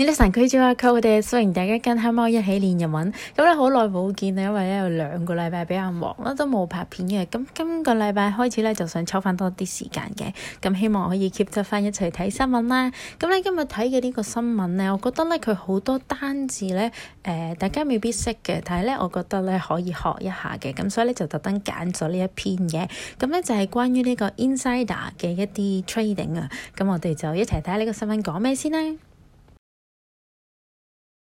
Hello，thank you，I 呢啲 o u 之外，佢、啊、我 e 雖然大家跟黑貓一起練日文，咁咧好耐冇見啦，因為咧有兩個禮拜比較忙啦，都冇拍片嘅。咁今個禮拜開始咧，就想抽翻多啲時間嘅，咁希望可以 keep 得翻一齊睇新聞啦。咁咧今日睇嘅呢個新聞咧，我覺得咧佢好多單字咧，誒、呃、大家未必識嘅，但係咧我覺得咧可以學一下嘅，咁所以咧就特登揀咗呢一篇嘅。咁咧就係關於呢個 insider 嘅一啲 trading 啊，咁我哋就一齊睇下呢個新聞講咩先啦。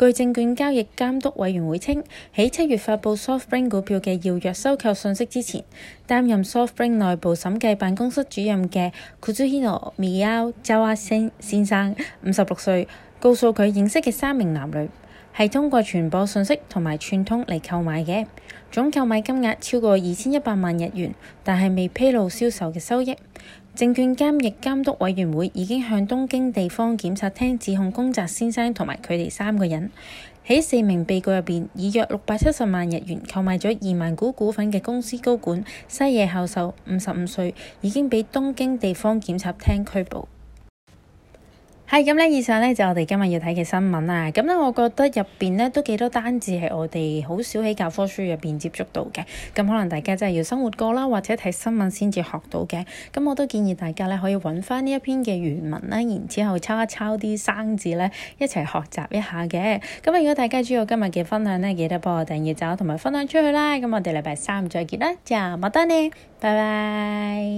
據證券交易監督委員會稱，喺七月發布 SoftBrain 股票嘅要約收購信息之前，擔任 SoftBrain 內部審計辦公室主任嘅 Kazuhiro Miyazawa 先生五十六歲，告訴佢認識嘅三名男女。係通過傳播信息同埋串通嚟購買嘅，總購買金額超過二千一百萬日元，但係未披露銷售嘅收益。證券監獄監督委員會已經向東京地方檢察廳指控公澤先生同埋佢哋三個人。喺四名被告入邊，以約六百七十萬日元購買咗二萬股股份嘅公司高管西野後壽，五十五歲，已經被東京地方檢察廳拘捕。係咁咧，以上咧就我哋今日要睇嘅新聞啦。咁咧，我覺得入邊咧都幾多單字係我哋好少喺教科書入邊接觸到嘅，咁可能大家真係要生活過啦，或者睇新聞先至學到嘅。咁我都建議大家咧可以揾翻呢一篇嘅原文咧，然之後抄一抄啲生字咧，一齊學習一下嘅。咁如果大家鍾意我今日嘅分享咧，記得幫我訂閱就同埋分享出去啦。咁我哋禮拜三再見啦，就麥當呢，拜拜。